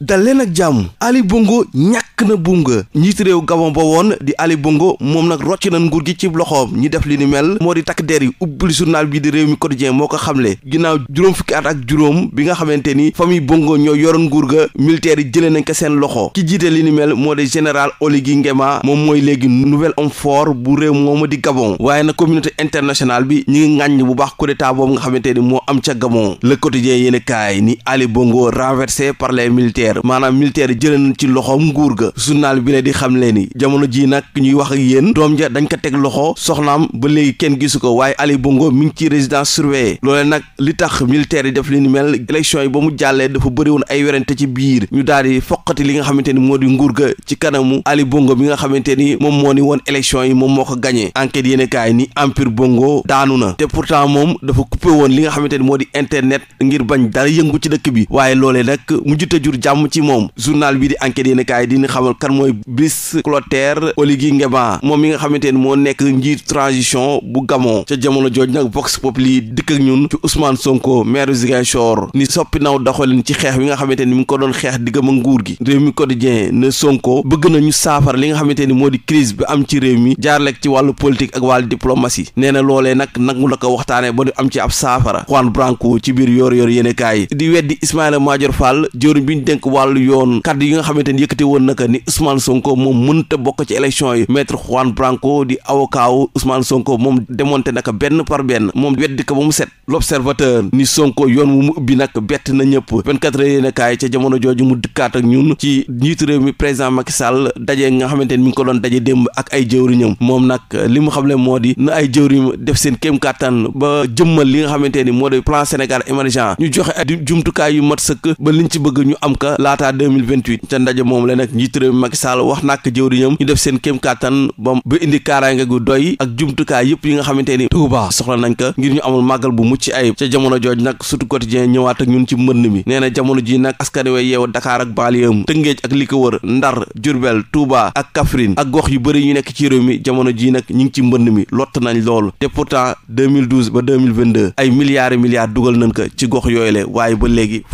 dal leen ak jàmm Ali Bongo ñàkk na bunga njiit réew Gabon ba woon di Ali Bongo moom nag rocc na nguur gi ci loxoom ñi def li ni mel moo di takk der yi ubbil journal bi di réew mi quotidien moo ko xamle ginnaaw juróom fukki at ak juróom bi nga xamante ni famille Bongo ñoo yoroon nguur ga militaire yi jëlee nañ ko seen loxo ki jiite li ni mel moo di général Oligui Nguema moom mooy léegi nouvel homme fort bu réew moom di Gabon waaye na communauté internationale bi ñi ngi ŋàññ bu baax coup boobu nga xamante ni moo am ca Gabon le quotidien yéen kaay ni Ali Bongo renversé par les militaires militaire maanaam militaire yi jëlee nañ ci loxo nguur ga journal bi la di xam leen jamono ji nag ñuy wax ak yéen doom ja dañ ko teg loxo soxnaam ba léegi kenn gisu ko waaye Ali Bongo mi ngi ci résidence surveillée loolee nag li tax militaire yi def li ni mel élection yi ba mu jàllee dafa bëri woon ay werante ci biir ñu daal di foqati li nga xamante ni moo di nguur ga ci kanamu Ali Bongo bi nga xamante ni moom moo ni woon élection yi moom moo ko gagné enquête yéen kaay ni Empire Bongo daanu na te pourtant moom dafa coupé woon li nga xamante ni moo di internet ngir bañ dara yëngu ci dëkk bi jàmm ci moom journal bi di enquête yéen kaay di ñu xamal kan mooy Brice Clotaire Oligui Nguema moom mi nga xamante ni moo nekk njiit transition bu Gabon ca jamono jooj nag Vox Populi dikk ak ñun ci Ousmane Sonko maire Ziguinchor ni soppi naw doxalin ci xeex bi nga xamante ni mi ngi ko doon xeex diggam ak nguur gi réew mi quotidien ne Sonko bëgg nañu saafara li nga xamante ni moo di crise bi am ci réew mi jaarlek ci wàll politique ak wàllu diplomatie nee na loolee nag nangu la ko waxtaane ba ñu am ci ab saafara Juan Branco ci biir yor yor yéen dénk wàllu yoon kàddu yi nga xamante ni yëkkate woon naka ni Ousmane Sonko moom mënta bokk ci élection yi maître Juan Branco di avocat wu Sonko moom démonté naka benn par benn moom weddi ko ba mu set l'observateur ni Sonko yoon wu mu ubbi nag bett na ñëpp 24 heures yéen a kaay ca jamono jooju mu dikkaat ak ñun ci njiitu réew mi président Macky Sall daje nga xamante ni mi ngi ko doon daje démb ak ay jëwriñam moom nag li mu xamle moo di na ay jëwriñ def seen kéem kàttan ba jëmmal li nga xamante ni moo di plan Sénégal émergent ñu joxe ay jumtukaay yu mat sëkk la laataa 2028 ca ndaje moom la nag njiitu réew wax nak jëwriñam ñu def seen kéem ba indi kaaraange gu doy ak jumtukaay yëpp yi nga xamante ni Touba soxla nañ ko ngir ñu amul màggal bu mucc ayib ca jamono jooj nag surtout quotidien ñëwaat ak ñun ci mbënd mi nee na jamono ji nag askan wi yeewu Dakar ak banlieue Tëngéej ak li Ndar Jurbel Touba ak Kaffrine ak gox yu bëri ñu nekk ci réew mi jamono ji nag ñu ngi ci mbënd mi lott nañ lool te po 2012 ba 2022 ay milliards milliards dugal nañ ko ci gox yooyu le waaye ba léegi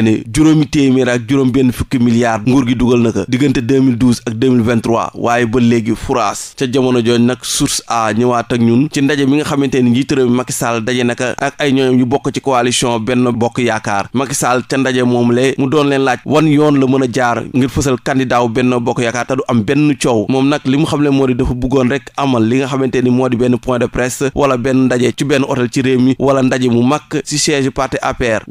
xamle ni juróomi téeméer ak juróom benn fukki milliards nguur gi dugal na ko diggante 2012 ak 2023 waaye ba léegi furaas ca jamono jooju nag source a ñëwaat ak ñun ci ndaje mi nga xamante ni njiitu réew mi Macky Sall daje naka ak ay ñooñam yu bokk ci coalition benn bokk yaakaar Macky Sall ca ndaje moom le mu doon leen laaj wan yoon la mën a jaar ngir fësal candidat wu benn bokk yaakaar te du am benn coow moom nag li mu xam le moo di dafa bëggoon rek amal li nga xamante ni moo di benn point de presse wala benn ndaje ci benn hôtel ci mi wala ndaje mu mag ci siège parti APR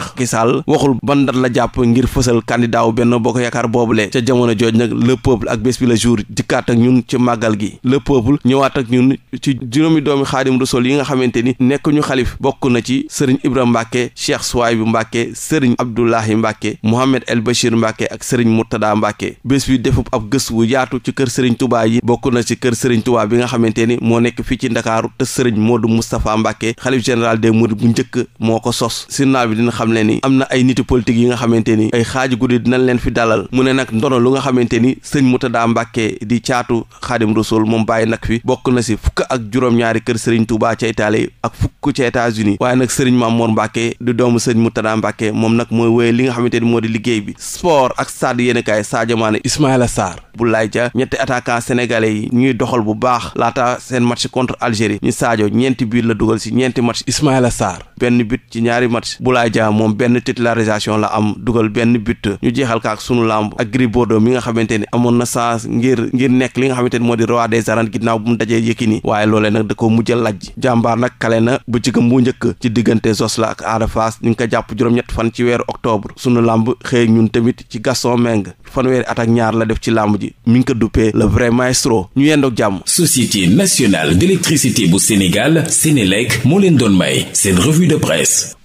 Macky waxul ban dat la jàpp ngir fësal candidat wu benn boo ko yaakaar boobule ca jamono jooj nag le peuple ak bés bi la jour dikkaat ak ñun ci màggal gi le ñëwaat ak ñun ci juróomi doomi xaadim rasul yi nga xamante ni nekk ñu xalif bokk na ci sëriñ Ibra Mbacke Cheikh Souaïbou Mbacke sëriñ Abdoulahi Mbacke Mohamed El Bachir Mbacke ak sëriñ Murtada Mbacke bés bi defub ab gëstu bu yaatu ci kër sëriñ Touba yi bokk na ci kër sëriñ Touba bi nga xamante ni moo nekk fii ci Ndakaaru te sëriñ Modou Moustapha Mbacke xalif général njëkk xamle am na ay niti politique yi nga xamante ni ay xaaj guddi dinañ leen fi dalal mu ne nag ndono lu nga xamante ni sëñ Murtada Mbàkke di caatu Xaadim Rasul moom bàyyi nag fi bokk na si fukk ak juróom-ñaari kër sëriñ Tuubaa ca Italie ak fukk ca états waaye nag sëriñ Mamoor Mbàkke di doomu sëñ Murtada Mbàkke moom nag mooy wéye li nga xamante ni moo di liggéey bi sport ak stade yéenekaay Sadio Mané Ismaïla Sarr bu laay ja ñetti attaquant sénégalais yi ñuy doxal bu baax laata seen match contre Algérie ñu Sadio ñeenti biir la dugal si ñeenti match Ismaïla Sarr benn but ci ñaari match Boulaye Dia moom benn titularisation la am dugal benn but ñu jeexal ka ak sunu làmb ak Gris Bordeaux mi nga xamante ni amoon na chance ngir ngir nekk li nga xamante ni moo di roi des arènes ginnaaw bu mu dajee Yékini waaye loolee nag da ko mujj a lajj jàmbaar nag kale na bu ci gëm bu njëkk ci diggante Zos la ak Ada Fass ñu ngi ko jàpp juróom-ñett fan ci weeru octobre sunu lamb xëy ñun tamit ci Gaston Mbengue fanweeri at ak ñaar la def ci lamb ji mi ngi ko duppee le vrai maestro ñu yendoog jàmm société nationale d'électricité bu Sénégal Sénélec moo leen doon may seen de presse